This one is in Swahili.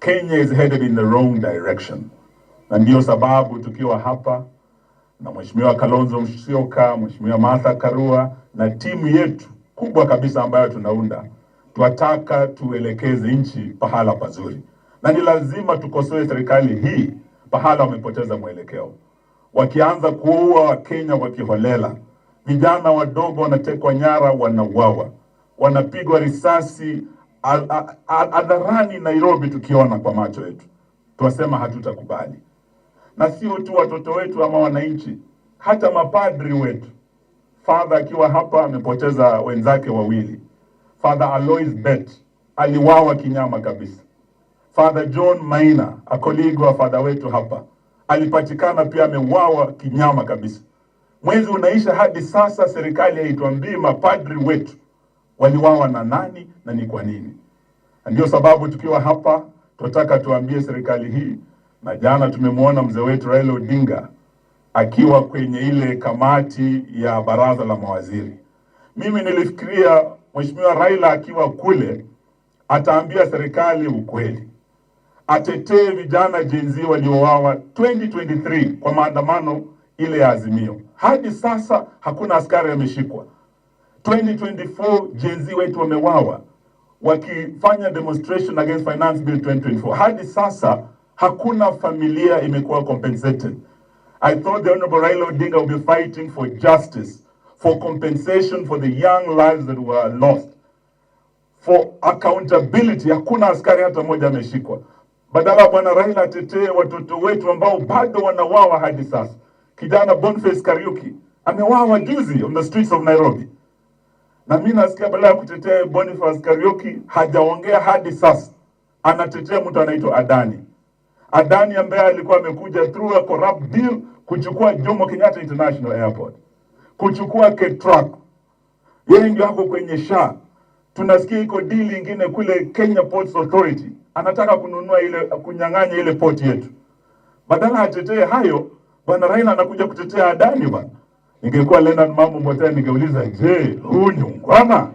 Kenya is headed in the wrong direction, na ndiyo sababu tukiwa hapa na Mheshimiwa Kalonzo Musyoka, Mheshimiwa Martha Karua na timu yetu kubwa kabisa ambayo tunaunda, twataka tuelekeze nchi pahala pazuri, na ni lazima tukosoe serikali hii pahala wamepoteza mwelekeo, wakianza kuua Wakenya wakiholela. Vijana wadogo wanatekwa nyara, wanauawa, wanapigwa risasi hadharani Nairobi, tukiona kwa macho yetu, twasema hatutakubali. Na sio tu watoto wetu ama wananchi, hata mapadri wetu. Fadha akiwa hapa amepoteza wenzake wawili. Father Alois Bet aliwawa kinyama kabisa. Father John Maina colleague wa fadha wetu hapa alipatikana pia amewawa kinyama kabisa. Mwezi unaisha hadi sasa, serikali haituambii mapadri wetu waliwawa na nani na ni kwa nini. Ndio sababu tukiwa hapa tunataka tuambie serikali hii, na jana tumemwona mzee wetu Raila Odinga akiwa kwenye ile kamati ya baraza la mawaziri. Mimi nilifikiria Mheshimiwa Raila akiwa kule ataambia serikali ukweli, atetee vijana jenzi waliowawa 2023 kwa maandamano ile ya Azimio. Hadi sasa hakuna askari ameshikwa. 2024 Gen Z wetu wamewawa wakifanya demonstration against finance bill 2024. Hadi sasa hakuna familia imekuwa compensated. I thought the Honorable Raila Odinga will be fighting for justice, for compensation for the young lives that were lost, for accountability. Hakuna askari hata mmoja ameshikwa. Badala bwana Raila atetee watoto wetu ambao bado wanawawa hadi sasa. Kijana Boniface Kariuki amewawa juzi on the streets of Nairobi na mimi nasikia badala ya kutetea Boniface Karioki hajaongea hadi sasa, anatetea mtu anaitwa Adani. Adani ambaye alikuwa amekuja through a corrupt deal kuchukua Jomo Kenyatta International Airport, kuchukua K-Truck. yeye ndio ako kwenye sha. Tunasikia iko deal ingine kule Kenya Ports Authority, anataka kununua ile, kunyang'anya ile port yetu. Badala atetee hayo, bwana Raila anakuja kutetea Adani bwana. Ningekuwa Leonard Mambo Motea ningeuliza, je, huu ni ungwana?